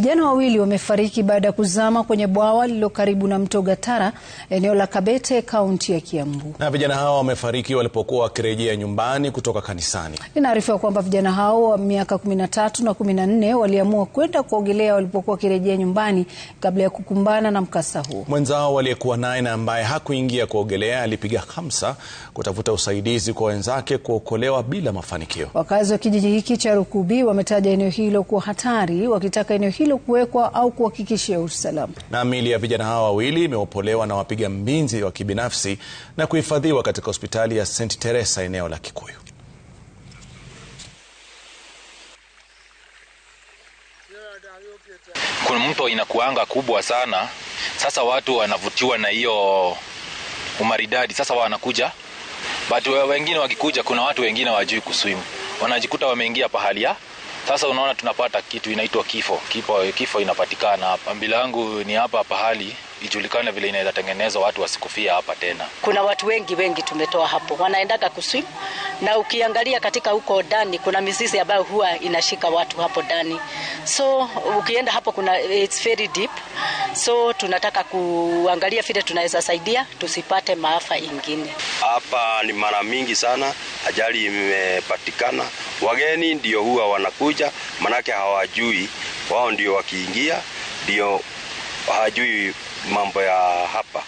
Vijana wawili wamefariki baada ya kuzama kwenye bwawa lililo karibu na mto Gatara, eneo la Kabete, kaunti ya Kiambu. Na vijana hao wamefariki walipokuwa wakirejea nyumbani kutoka kanisani. Inaarifiwa kwamba vijana hao wa miaka 13 na 14 waliamua kwenda kuogelea walipokuwa wakirejea nyumbani kabla ya kukumbana na mkasa huo. Mwenzao aliyekuwa naye na ambaye hakuingia kuogelea alipiga hamsa kutafuta usaidizi kwa wenzake kuokolewa bila mafanikio. Wakazi wa kijiji hiki cha Rukubi wametaja eneo hilo kuwa hatari wakitaka eneo hilo hilo kuwekwa au kuhakikishia usalama. Na miili ya vijana hawa wawili imeopolewa na wapiga mbinzi wa kibinafsi na kuhifadhiwa katika hospitali ya St Teresa eneo la Kikuyu. Kuna mto inakuanga kubwa sana, sasa watu wanavutiwa na hiyo umaridadi, sasa wanakuja but wengine wakikuja, kuna watu wengine wajui kuswimu, wanajikuta wameingia pahali ya sasa unaona tunapata kitu inaitwa kifo. Kifo, kifo inapatikana hapa. Mbila yangu ni hapa pahali ijulikane vile inaweza tengenezwa, watu wasikufia hapa tena. Kuna watu wengi wengi tumetoa hapo, wanaendaga kuswim, na ukiangalia katika huko ndani kuna mizizi ambayo huwa inashika watu hapo ndani, so ukienda hapo kuna it's very deep, so tunataka kuangalia vile tunaweza saidia tusipate maafa ingine. Hapa ni mara mingi sana ajali imepatikana, wageni ndio huwa wanakuja, manake hawajui, wao ndio wakiingia ndio hajui mambo ya hapa